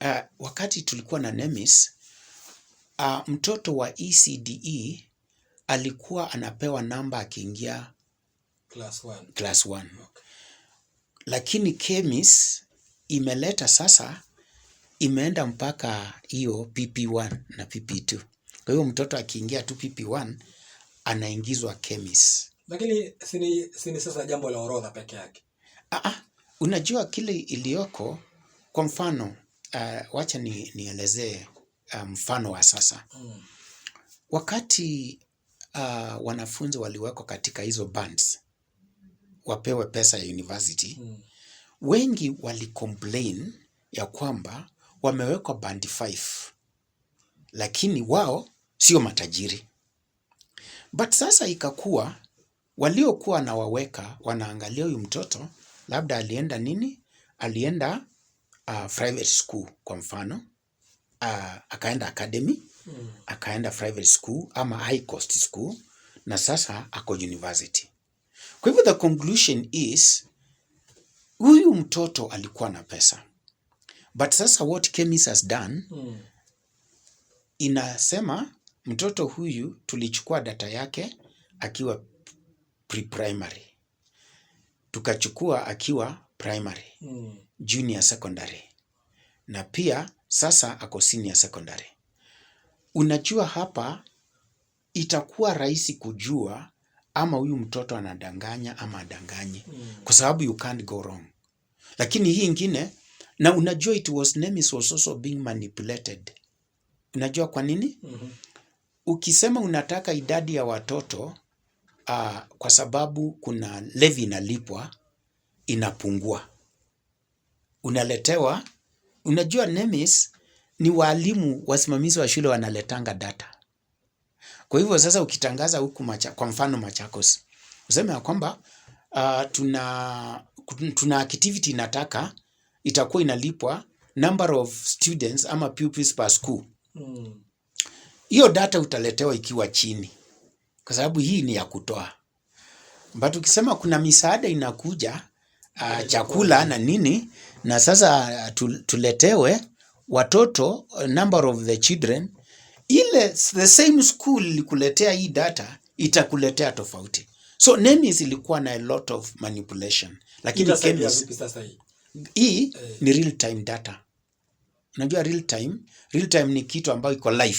uh, wakati tulikuwa na NEMIS uh, mtoto wa ECDE e alikuwa anapewa namba akiingia class 1 class 1 okay. Lakini KEMIS imeleta sasa, imeenda mpaka hiyo PP1 na PP2. Kwa hiyo mtoto akiingia tu PP1 anaingizwa KEMIS. Lakini sini, sini sasa jambo la orodha peke yake. Ah, ah unajua kile iliyoko, kwa mfano uh, wacha nielezee eh, mfano um, wa sasa mm. Wakati uh, wanafunzi waliwekwa katika hizo bands wapewe pesa ya university mm. Wengi walicomplain ya kwamba wamewekwa band 5 lakini wao sio matajiri, but sasa ikakuwa waliokuwa wanawaweka wanaangalia huyu mtoto labda alienda nini, alienda uh, private school kwa mfano uh, akaenda academy mm. akaenda private school ama high cost school na sasa ako university. Kwa hivyo the conclusion is huyu mtoto alikuwa na pesa but sasa what Kemis has done mm. inasema mtoto huyu tulichukua data yake akiwa pre-primary tukachukua akiwa primary mm. junior secondary na pia sasa ako senior secondary. Unajua, hapa itakuwa rahisi kujua ama huyu mtoto anadanganya ama adanganye mm. kwa sababu you can't go wrong. Lakini hii ingine, na unajua it was name is also being manipulated. Unajua kwa nini? mm -hmm. Ukisema unataka idadi ya watoto uh, kwa sababu kuna levi inalipwa inapungua. Unaletewa, unajua NEMIS ni walimu wasimamizi wa shule wanaletanga data. Kwa hivyo sasa ukitangaza huku macha, kwa mfano Machakos, useme ya kwamba uh, tuna, tuna activity inataka itakuwa inalipwa number of students ama pupils per school hmm. hiyo hmm. Data utaletewa ikiwa chini, kwa sababu hii ni ya kutoa. But ukisema kuna misaada inakuja uh, chakula na nini, na sasa ah, tuletewe watoto eh, number of the children. Ile the same school ilikuletea hii data itakuletea tofauti, so NEMIS ilikuwa na a lot of manipulation, lakini hii eh, ni real time data. Unajua real time, real time ni kitu ambayo iko live.